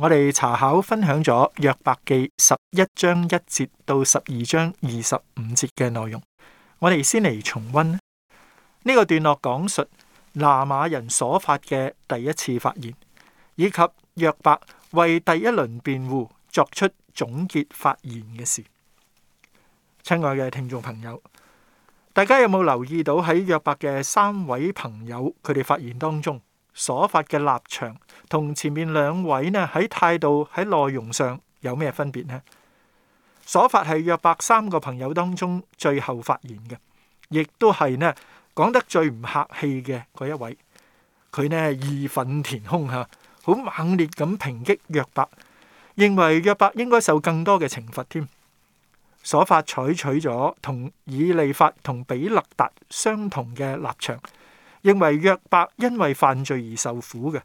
我哋查考分享咗約伯記十一章一節到十二章二十五節嘅內容，我哋先嚟重溫呢個段落，講述拿馬人所發嘅第一次發言，以及約伯為第一輪辯護作出總結發言嘅事。親愛嘅聽眾朋友，大家有冇留意到喺約伯嘅三位朋友佢哋發言當中，所發嘅立場同前面兩位呢，喺態度喺內容上有咩分別呢？所發係約伯三個朋友當中最後發言嘅，亦都係呢講得最唔客氣嘅嗰一位。佢呢義憤填膺，啊，好猛烈咁抨擊約伯，認為約伯應該受更多嘅懲罰添。所發採取咗同以利法同比勒達相同嘅立場。認為約伯因為犯罪而受苦嘅，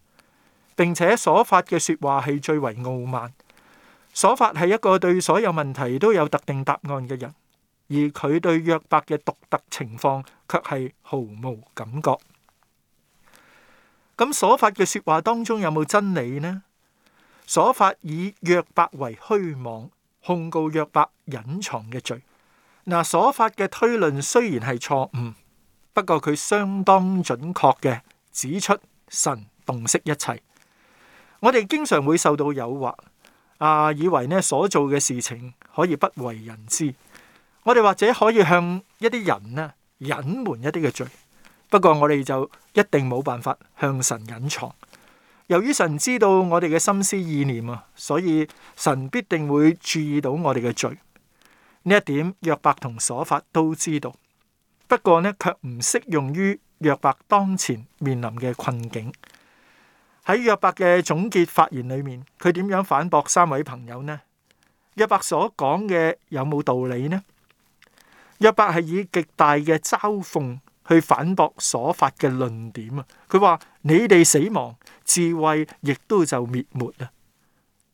並且所發嘅說話係最為傲慢。所發係一個對所有問題都有特定答案嘅人，而佢對約伯嘅獨特情況卻係毫無感覺。咁所發嘅說話當中有冇真理呢？所發以約伯為虛妄，控告約伯隱藏嘅罪。嗱，所發嘅推論雖然係錯誤。不過佢相當準確嘅指出神洞悉一切，我哋經常會受到誘惑，啊以為咧所做嘅事情可以不為人知，我哋或者可以向一啲人咧隱瞞一啲嘅罪。不過我哋就一定冇辦法向神隱藏，由於神知道我哋嘅心思意念啊，所以神必定會注意到我哋嘅罪。呢一點約伯同瑣法都知道。不過呢，卻唔適用於約伯當前面臨嘅困境。喺約伯嘅總結發言裏面，佢點樣反駁三位朋友呢？約伯所講嘅有冇道理呢？約伯係以極大嘅嘲諷去反駁所發嘅論點啊！佢話：你哋死亡，智慧亦都就滅沒啊！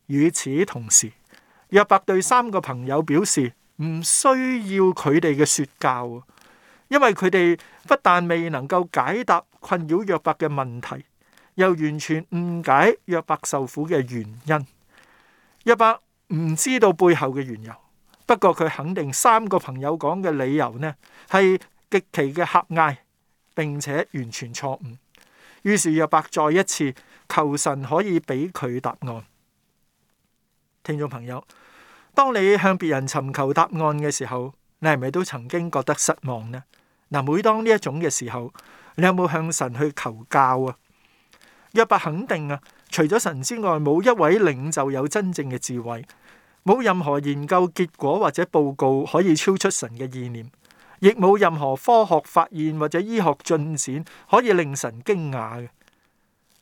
與此同時，約伯對三個朋友表示唔需要佢哋嘅說教。因為佢哋不但未能夠解答困擾約伯嘅問題，又完全誤解約伯受苦嘅原因，約伯唔知道背後嘅緣由。不過佢肯定三個朋友講嘅理由呢，係極其嘅狹隘，並且完全錯誤。於是約伯再一次求神可以俾佢答案。聽眾朋友，當你向別人尋求答案嘅時候，你係咪都曾經覺得失望呢？嗱，每當呢一種嘅時候，你有冇向神去求教啊？約伯肯定啊，除咗神之外，冇一位領袖有真正嘅智慧，冇任何研究結果或者報告可以超出神嘅意念，亦冇任何科學發現或者醫學進展可以令神驚訝嘅。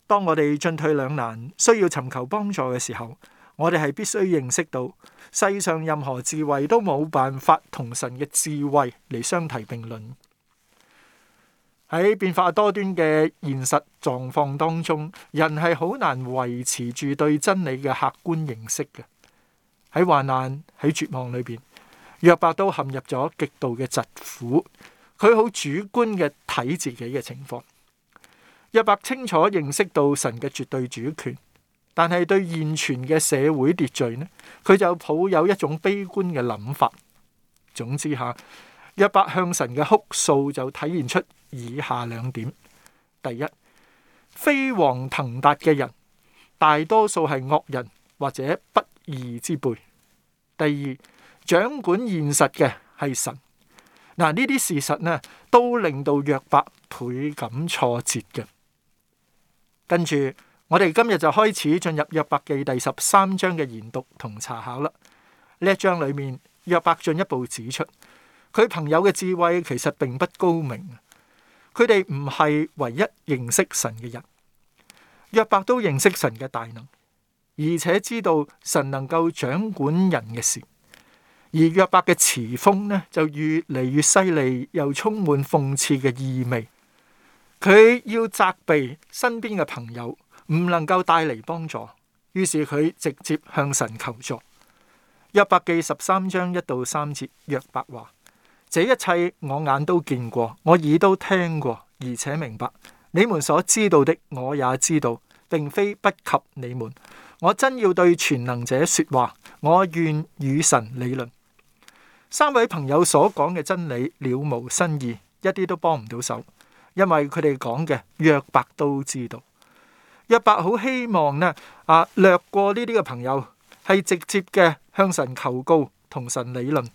當我哋進退兩難，需要尋求幫助嘅時候。我哋係必須認識到，世上任何智慧都冇辦法同神嘅智慧嚟相提並論。喺變化多端嘅現實狀況當中，人係好難維持住對真理嘅客觀認識嘅。喺患難、喺絕望裏邊，約伯都陷入咗極度嘅疾苦。佢好主觀嘅睇自己嘅情況。約伯清楚認識到神嘅絕對主權。但係對現存嘅社會秩序呢，佢就抱有一種悲觀嘅諗法。總之吓，約伯向神嘅哭訴就體現出以下兩點：第一，飛黃騰達嘅人大多數係惡人或者不義之輩；第二，掌管現實嘅係神。嗱，呢啲事實呢，都令到約伯倍感挫折嘅。跟住。我哋今日就開始進入約伯記第十三章嘅研讀同查考啦。呢一章裏面，約伯進一步指出，佢朋友嘅智慧其實並不高明，佢哋唔係唯一認識神嘅人。約伯都認識神嘅大能，而且知道神能夠掌管人嘅事。而約伯嘅詞鋒呢，就越嚟越犀利，又充滿諷刺嘅意味。佢要責備身邊嘅朋友。唔能夠帶嚟幫助，於是佢直接向神求助。約伯記十三章一到三節，約伯話：這一切我眼都見過，我耳都聽過，而且明白你們所知道的，我也知道，並非不及你們。我真要對全能者說話，我願與神理論。三位朋友所講嘅真理了無新意，一啲都幫唔到手，因為佢哋講嘅約伯都知道。約伯好希望呢？啊，略過呢啲嘅朋友，係直接嘅向神求告，同神理論。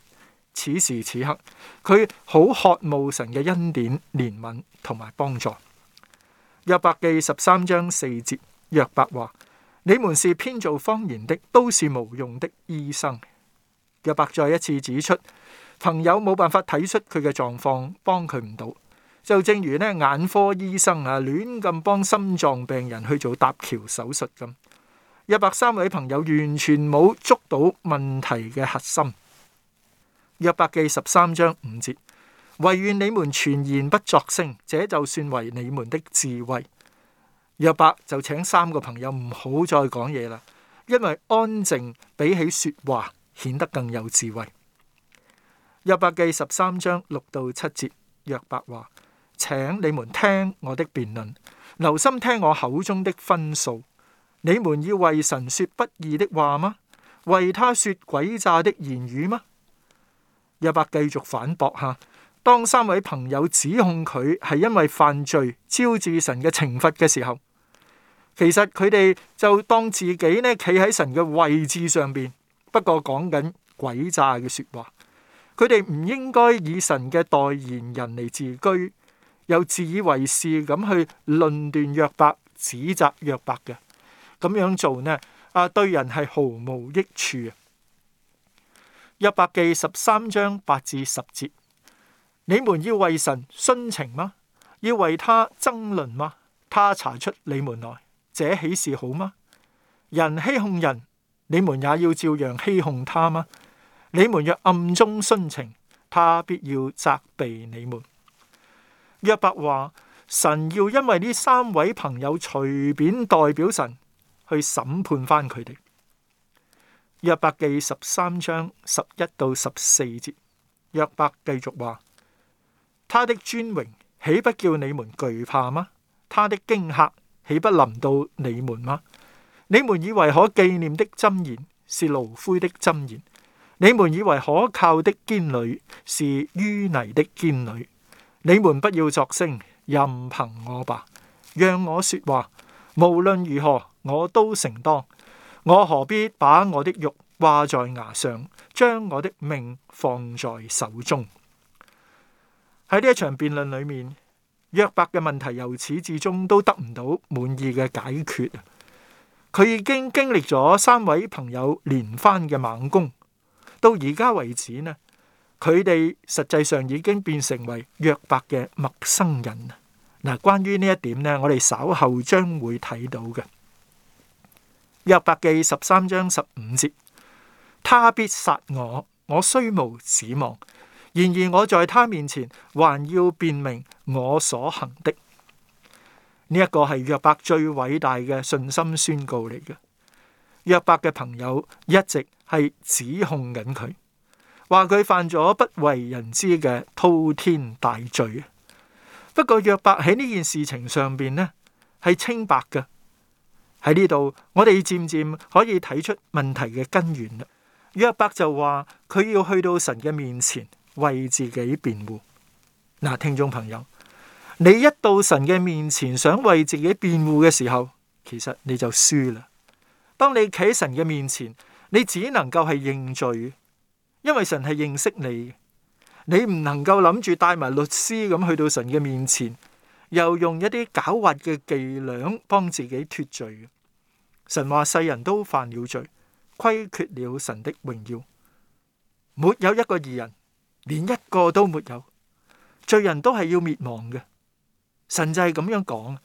此時此刻，佢好渴慕神嘅恩典、憐憫同埋幫助。約伯記十三章四節，約伯話：你們是編造謊言的，都是無用的醫生。約伯再一次指出，朋友冇辦法睇出佢嘅狀況，幫佢唔到。就正如咧，眼科醫生啊，亂咁幫心臟病人去做搭橋手術咁。約伯三位朋友完全冇捉到問題嘅核心。約伯記十三章五節，唯願你們全然不作聲，這就算為你們的智慧。約伯就請三個朋友唔好再講嘢啦，因為安靜比起說話顯得更有智慧。約伯記十三章六到七節，約伯話。請你們聽我的辯論，留心聽我口中的分數。你們要為神說不義的話嗎？為他說詭詐的言語嗎？約伯繼續反駁：吓，當三位朋友指控佢係因為犯罪招致神嘅懲罰嘅時候，其實佢哋就當自己咧企喺神嘅位置上邊，不過講緊詭詐嘅說話。佢哋唔應該以神嘅代言人嚟自居。又自以為是咁去論斷約伯，指責約伯嘅咁樣做呢？啊，對人係毫無益處啊！約伯記十三章八至十節，你們要為神殉情嗎？要為他爭論嗎？他查出你們來，這豈是好嗎？人欺哄人，你們也要照樣欺哄他嗎？你們若暗中殉情，他必要責備你們。約伯話：神要因為呢三位朋友隨便代表神去審判翻佢哋。約伯記十三章十一到十四節，約伯繼續話：他的尊榮豈不叫你們懼怕嗎？他的驚嚇豈不臨到你們嗎？你們以為可紀念的箴言是爐灰的箴言，你們以為可靠的堅壘是淤泥的堅壘。你們不要作聲，任憑我吧，讓我說話。無論如何，我都承當。我何必把我的肉掛在牙上，將我的命放在手中？喺呢一場辯論裏面，約伯嘅問題由始至終都得唔到滿意嘅解決。佢已經經歷咗三位朋友連番嘅猛攻，到而家為止呢？佢哋實際上已經變成為約伯嘅陌生人。嗱，關於呢一點呢，我哋稍後將會睇到嘅。約伯記十三章十五節：「他必殺我，我雖無指望；然而我在他面前，還要辨明我所行的。」呢一個係約伯最偉大嘅信心宣告嚟嘅。約伯嘅朋友一直係指控緊佢。話佢犯咗不為人知嘅滔天大罪。不過約伯喺呢件事情上邊呢係清白噶。喺呢度，我哋漸漸可以睇出問題嘅根源啦。約伯就話佢要去到神嘅面前為自己辯護。嗱，聽眾朋友，你一到神嘅面前想為自己辯護嘅時候，其實你就輸啦。當你企喺神嘅面前，你只能夠係認罪。因為神係認識你，你唔能夠諗住帶埋律師咁去到神嘅面前，又用一啲狡猾嘅伎倆幫自己脱罪嘅。神話世人都犯了罪，虧缺了神的榮耀，沒有一個義人，連一個都沒有。罪人都係要滅亡嘅，神就係咁樣講。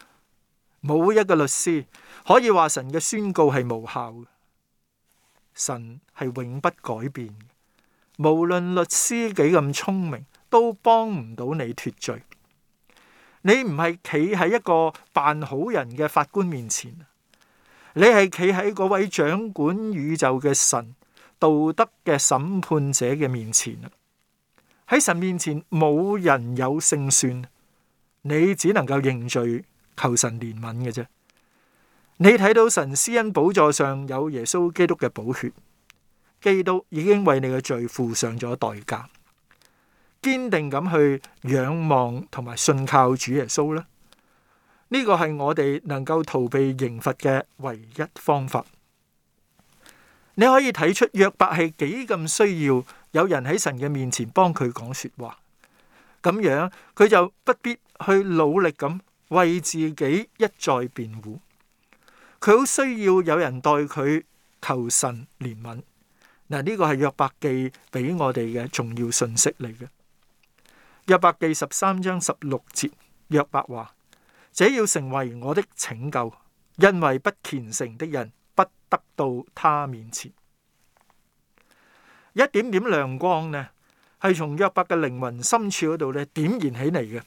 冇一個律師可以話神嘅宣告係無效嘅。神係永不改變。無論律師幾咁聰明，都幫唔到你脱罪。你唔係企喺一個扮好人嘅法官面前，你係企喺嗰位掌管宇宙嘅神，道德嘅審判者嘅面前。喺神面前冇人有勝算，你只能夠認罪求神憐憫嘅啫。你睇到神施恩寶座上有耶穌基督嘅寶血。基督已經為你嘅罪付上咗代價，堅定咁去仰望同埋信靠主耶穌咧。呢、呢個係我哋能夠逃避刑罰嘅唯一方法。你可以睇出約伯係幾咁需要有人喺神嘅面前幫佢講說話，咁樣佢就不必去努力咁為自己一再辯護。佢好需要有人代佢求神憐憫。嗱，呢個係約伯記俾我哋嘅重要信息嚟嘅。約伯記十三章十六節，約伯話：這要成為我的拯救，因為不虔誠的人不得到他面前。一點點亮光呢，係從約伯嘅靈魂深處嗰度咧點燃起嚟嘅。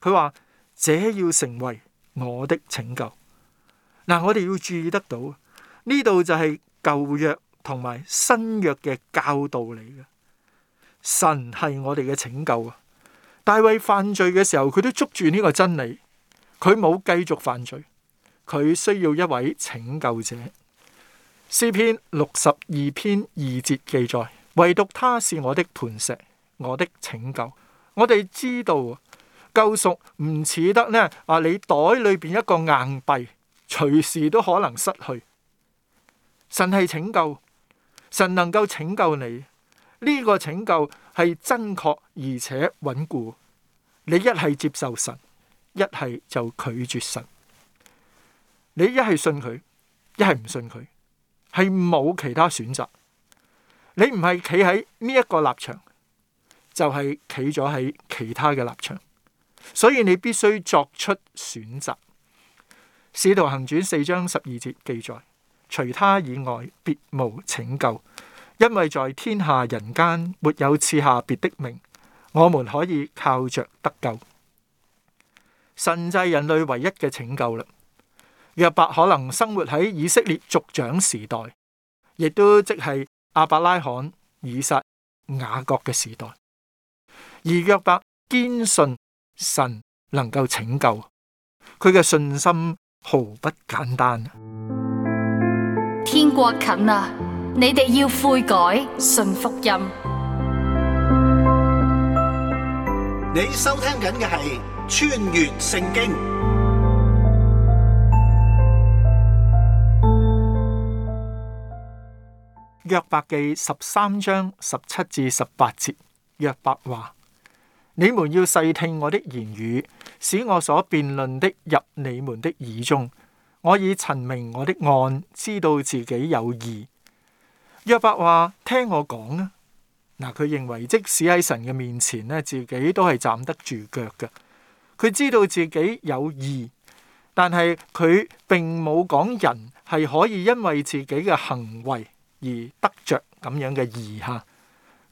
佢話：這要成為我的拯救。嗱，我哋要注意得到，呢度就係舊約。同埋新約嘅教導嚟嘅，神係我哋嘅拯救啊！大衛犯罪嘅時候，佢都捉住呢個真理，佢冇繼續犯罪，佢需要一位拯救者。詩篇六十二篇二節記載：唯獨他是我的磐石，我的拯救。我哋知道救贖唔似得呢，啊！你袋裏邊一個硬幣，隨時都可能失去。神係拯救。神能夠拯救你，呢、呢個拯救係真確而且穩固。你一係接受神，一係就拒絕神。你一係信佢，一係唔信佢，係冇其他選擇。你唔係企喺呢一個立場，就係企咗喺其他嘅立場。所以你必須作出選擇。《使徒行傳》四章十二節記載，除他以外，別無拯救，因為在天下人間沒有賜下別的名，我們可以靠着得救。神係人類唯一嘅拯救啦。約伯可能生活喺以色列族長時代，亦都即係亞伯拉罕、以撒、雅各嘅時代，而約伯堅信神能夠拯救，佢嘅信心毫不簡單。國近啦，你哋要悔改，信福音。音你收聽緊嘅係《穿越聖經》。約伯記十三章十七至十八節，約伯話：你們要細聽我的言語，使我所辯論的入你們的耳中。我已陳明我的案，知道自己有義。約伯話：聽我講啊！嗱，佢認為即使喺神嘅面前咧，自己都係站得住腳嘅。佢知道自己有義，但係佢並冇講人係可以因為自己嘅行為而得着咁樣嘅義。吓。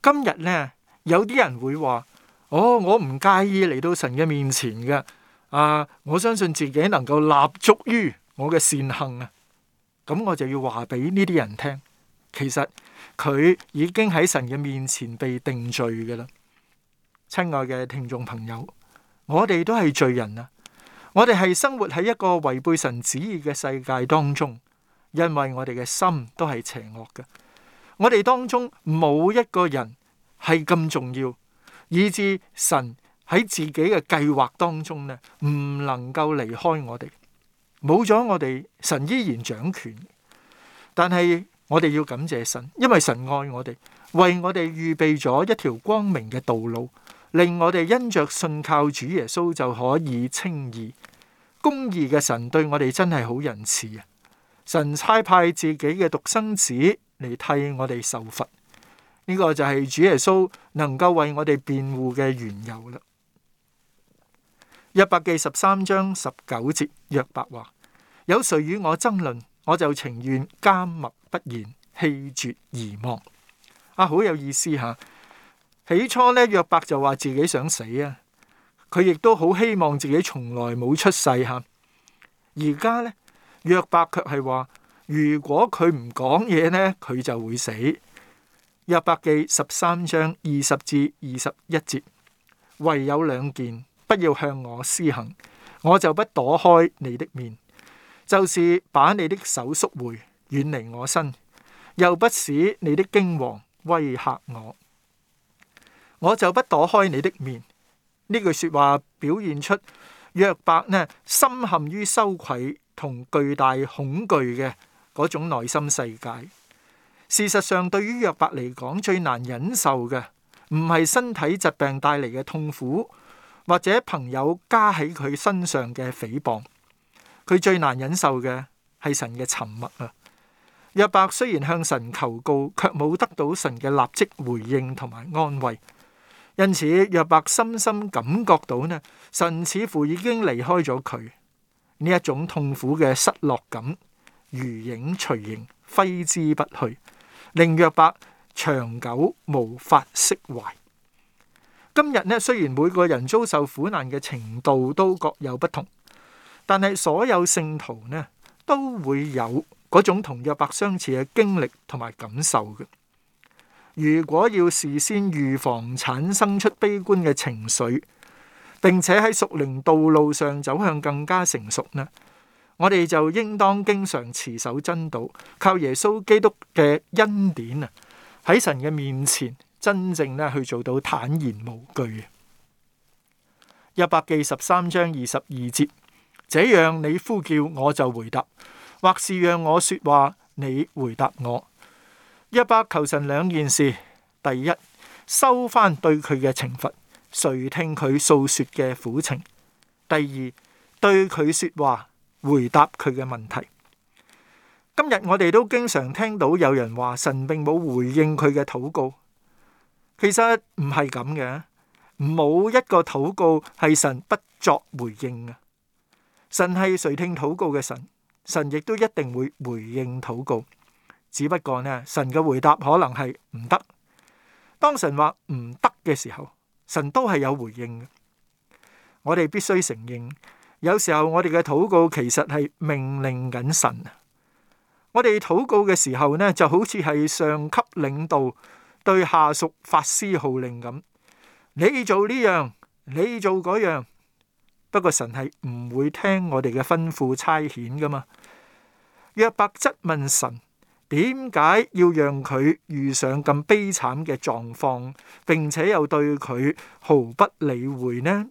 今日呢，有啲人會話：哦，我唔介意嚟到神嘅面前嘅。啊，我相信自己能夠立足於。我嘅善行啊，咁我就要話俾呢啲人聽，其實佢已經喺神嘅面前被定罪噶啦。親愛嘅聽眾朋友，我哋都係罪人啊！我哋係生活喺一個違背神旨意嘅世界當中，因為我哋嘅心都係邪惡嘅。我哋當中冇一個人係咁重要，以至神喺自己嘅計劃當中呢，唔能夠離開我哋。冇咗我哋，神依然掌權。但係我哋要感謝神，因為神愛我哋，為我哋預備咗一條光明嘅道路，令我哋因着信靠主耶穌就可以稱義。公義嘅神對我哋真係好仁慈啊！神差派自己嘅獨生子嚟替我哋受罰，呢、呢個就係主耶穌能夠為我哋辯護嘅緣由啦。約伯記十三章十九節，約伯話：有誰與我爭論，我就情願緘默不言，氣絕而亡。啊，好有意思吓，啊！起初咧，約伯就話自己想死啊，佢亦都好希望自己從來冇出世吓。而家咧，約伯卻係話，如果佢唔講嘢咧，佢就會死。約伯記十三章二十至二十一節，唯有兩件。不要向我施行，我就不躲開你的面；就是把你的手縮回，遠離我身，又不使你的驚惶威嚇我，我就不躲開你的面。呢句說話表現出約伯呢，深陷於羞愧同巨大恐懼嘅嗰種內心世界。事實上，對於約伯嚟講，最難忍受嘅唔係身體疾病帶嚟嘅痛苦。或者朋友加喺佢身上嘅誹謗，佢最難忍受嘅係神嘅沉默啊！約伯雖然向神求告，卻冇得到神嘅立即回應同埋安慰，因此約伯深深感覺到呢，神似乎已經離開咗佢。呢一種痛苦嘅失落感，如影隨形，揮之不去，令約伯長久無法釋懷。今日呢，雖然每個人遭受苦難嘅程度都各有不同，但係所有聖徒呢，都會有嗰種同約伯相似嘅經歷同埋感受嘅。如果要事先預防產生出悲觀嘅情緒，並且喺屬靈道路上走向更加成熟呢，我哋就應當經常持守真道，靠耶穌基督嘅恩典啊，喺神嘅面前，真正咧，去做到坦然無懼。約伯記十三章二十二節，這樣你呼叫我就回答，或是讓我說話，你回答我。約伯求神兩件事：第一，收翻對佢嘅懲罰，垂聽佢訴說嘅苦情；第二，對佢說話，回答佢嘅問題。今日我哋都經常聽到有人話神並冇回應佢嘅禱告。其實唔係咁嘅，冇一個禱告係神不作回應嘅。神係垂聽禱告嘅神，神亦都一定會回應禱告。只不過呢，神嘅回答可能係唔得。當神話唔得嘅時候，神都係有回應嘅。我哋必須承認，有時候我哋嘅禱告其實係命令緊神啊。我哋禱告嘅時候呢，就好似係上級領導。對下屬發施號令咁，你做呢樣，你做嗰樣,樣。不過神係唔會聽我哋嘅吩咐差遣噶嘛。約伯質問神，點解要讓佢遇上咁悲慘嘅狀況，並且又對佢毫不理會呢？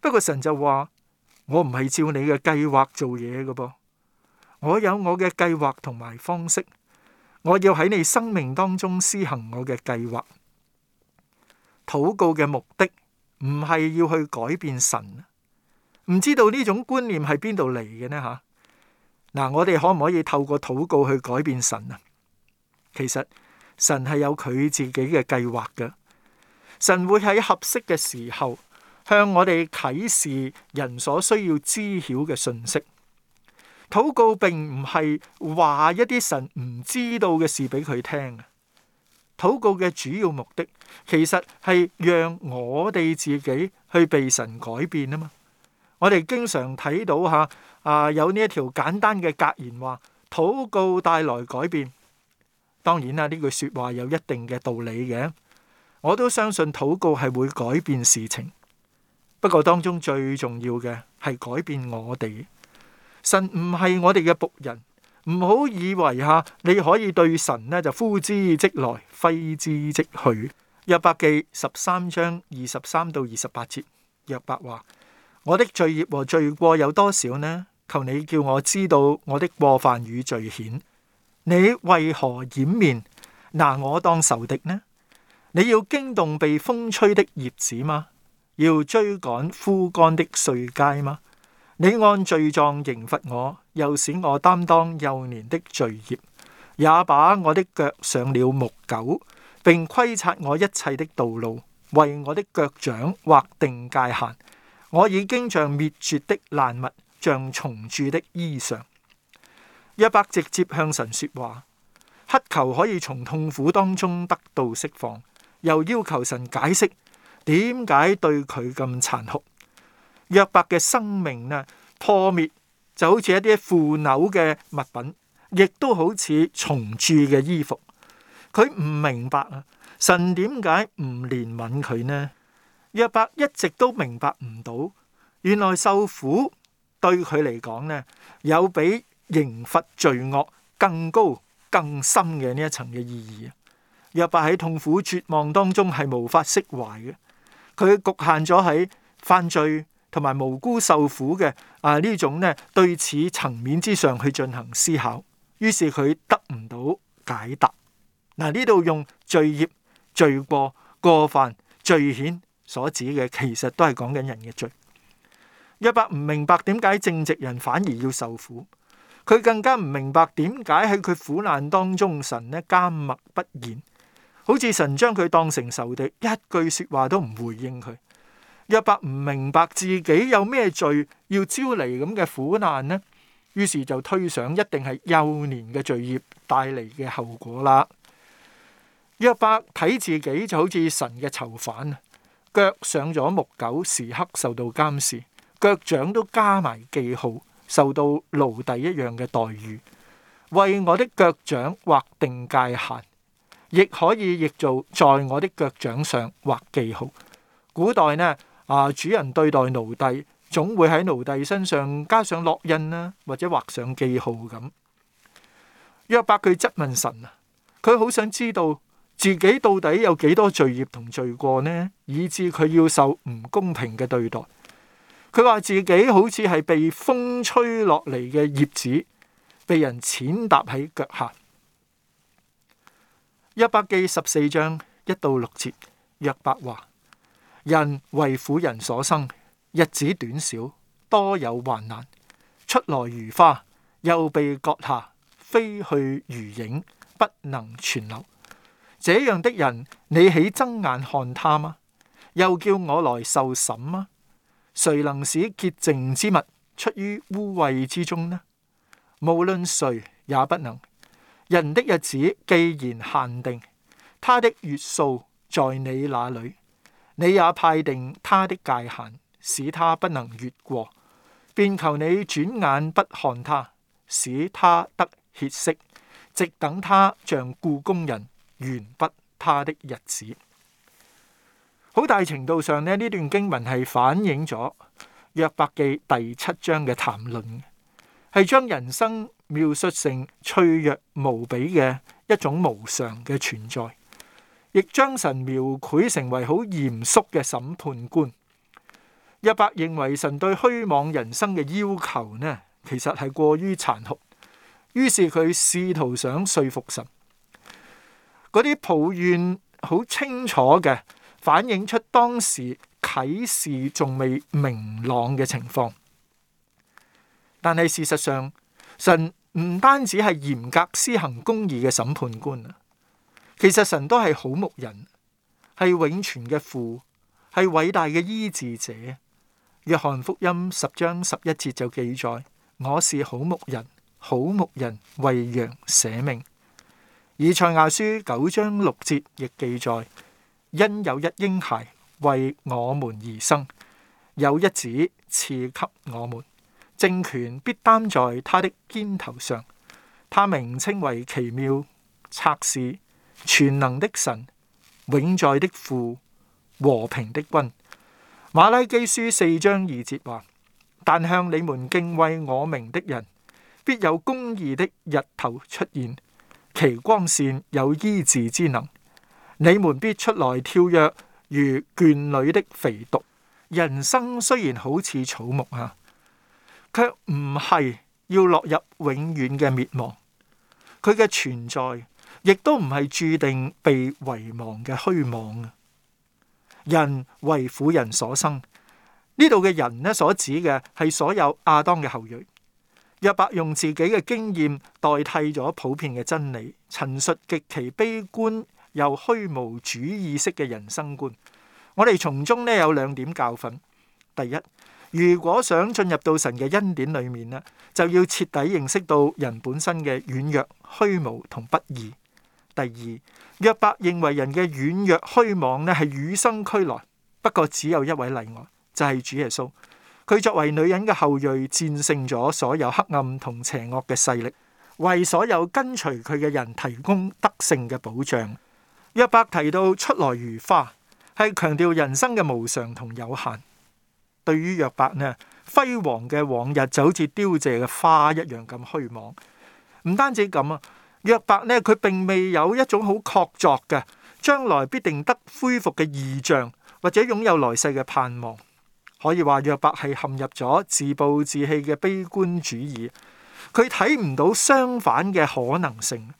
不過神就話：我唔係照你嘅計劃做嘢噶噃，我有我嘅計劃同埋方式。我要喺你生命當中施行我嘅計劃。禱告嘅目的唔係要去改變神，唔知道呢種觀念係邊度嚟嘅呢？吓，嗱，我哋可唔可以透過禱告去改變神啊？其實神係有佢自己嘅計劃嘅，神會喺合適嘅時候向我哋啟示人所需要知曉嘅信息。禱告並唔係話一啲神唔知道嘅事俾佢聽啊！禱告嘅主要目的，其實係讓我哋自己去被神改變啊嘛，我哋經常睇到吓啊，有呢一條簡單嘅格言話：禱告帶來改變。當然啦、啊，呢句說話有一定嘅道理嘅。我都相信禱告係會改變事情，不過當中最重要嘅係改變我哋。神唔係我哋嘅僕人，唔好以為吓你可以對神咧就呼之即來，揮之即去。約伯記十三章二十三到二十八節，約伯話：我的罪孽和罪過有多少呢？求你叫我知道我的過犯與罪愆。你為何掩面拿我當仇敵呢？你要驚動被風吹的葉子嗎？要追趕枯乾的碎秸嗎？你按罪狀刑罰我，又使我擔當幼年的罪孽，也把我的腳上了木狗，並規察我一切的道路，為我的腳掌劃定界限。我已經像滅絕的爛物，像蟲蛀的衣裳。約伯直接向神說話，乞求可以從痛苦當中得到釋放，又要求神解釋點解對佢咁殘酷。約伯嘅生命啊破滅，就好似一啲腐朽嘅物品，亦都好似重鑄嘅衣服。佢唔明白啊，神點解唔憐憫佢呢？約伯一直都明白唔到，原來受苦對佢嚟講呢，有比刑罰罪惡更高更深嘅呢一層嘅意義啊！約伯喺痛苦絕望當中係無法釋懷嘅，佢局限咗喺犯罪。同埋無辜受苦嘅啊，呢種呢，對此層面之上去進行思考，於是佢得唔到解答。嗱，呢度用罪孽、罪過、過犯、罪愆所指嘅，其實都係講緊人嘅罪。約伯唔明白點解正直人反而要受苦，佢更加唔明白點解喺佢苦難當中，神呢，緘默不言，好似神將佢當成仇敵，一句說話都唔回應佢。約伯唔明白自己有咩罪要招嚟咁嘅苦難呢？於是就推想一定係幼年嘅罪孽帶嚟嘅後果啦。約伯睇自己就好似神嘅囚犯，腳上咗木狗，時刻受到監視，腳掌都加埋記號，受到奴隸一樣嘅待遇。為我的腳掌劃定界限，亦可以譯做在我嘅腳掌上畫記號。古代呢？啊！主人對待奴隸，總會喺奴隸身上加上烙印啦，或者畫上記號咁。約伯佢質問神啊，佢好想知道自己到底有幾多罪孽同罪過呢？以致佢要受唔公平嘅對待。佢話自己好似係被風吹落嚟嘅葉子，被人踐踏喺腳下。約伯記十四章一到六節，約伯話。人為婦人所生，日子短少，多有患難。出來如花，又被割下，飛去如影，不能存留。這樣的人，你豈睜眼看他嗎？又叫我來受審嗎？誰能使潔淨之物出於污穢之中呢？無論誰也不能。人的日子既然限定，他的月數在你那裏。你也派定他的界限，使他不能越過，便求你轉眼不看他，使他得歇息，直等他像僱工人完畢他的日子。好大程度上呢，呢段經文係反映咗約伯記第七章嘅談論，係將人生描述成脆弱無比嘅一種無常嘅存在。亦將神描繪成為好嚴肅嘅審判官。約伯認為神對虛妄人生嘅要求呢，其實係過於殘酷。於是佢試圖想說服神，嗰啲抱怨好清楚嘅，反映出當時啟示仲未明朗嘅情況。但係事實上，神唔單止係嚴格施行公義嘅審判官。其實神都係好牧人，係永存嘅父，係偉大嘅醫治者。約翰福音十章十一節就記載：，我是好牧人，好牧人為羊捨命。以賽亞書九章六節亦記載：，因有一嬰孩為我們而生，有一子賜給我們，政權必擔在他的肩頭上，他名稱為奇妙、策士。全能的神，永在的父，和平的君。瑪拉基書四章二節話：，但向你們敬畏我名的人，必有公義的日頭出現，其光線有醫治之能。你們必出來跳躍，如眷侶的肥犢。人生雖然好似草木啊，卻唔係要落入永遠嘅滅亡。佢嘅存在，亦都唔係注定被遺忘嘅虛妄。人為婦人所生，呢度嘅人咧所指嘅係所有亞當嘅後裔。約伯用自己嘅經驗代替咗普遍嘅真理，陳述極其悲觀又虛無主義式嘅人生觀。我哋從中呢有兩點教訓：第一，如果想進入到神嘅恩典裏面呢就要徹底認識到人本身嘅軟弱、虛無同不義。第二，約伯認為人嘅軟弱、虛妄呢係與生俱來，不過只有一位例外，就係、是、主耶穌。佢作為女人嘅後裔，戰勝咗所有黑暗同邪惡嘅勢力，為所有跟隨佢嘅人提供得勝嘅保障。約伯提到出來如花，係強調人生嘅無常同有限。對於約伯呢，輝煌嘅往日就好似凋謝嘅花一樣咁虛妄。唔單止咁啊！約伯咧，佢並未有一種好確鑿嘅將來必定得恢復嘅異象，或者擁有來世嘅盼望。可以話約伯係陷入咗自暴自棄嘅悲觀主義，佢睇唔到相反嘅可能性。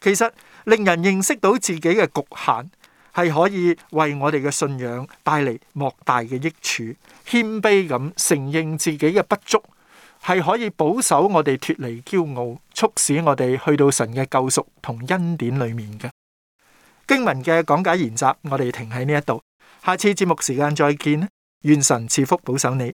其實令人認識到自己嘅局限，係可以為我哋嘅信仰帶嚟莫大嘅益處。謙卑咁承認自己嘅不足。係可以保守我哋脫離驕傲，促使我哋去到神嘅救贖同恩典裏面嘅經文嘅講解研習。我哋停喺呢一度，下次節目時間再見啦！願神賜福保守你。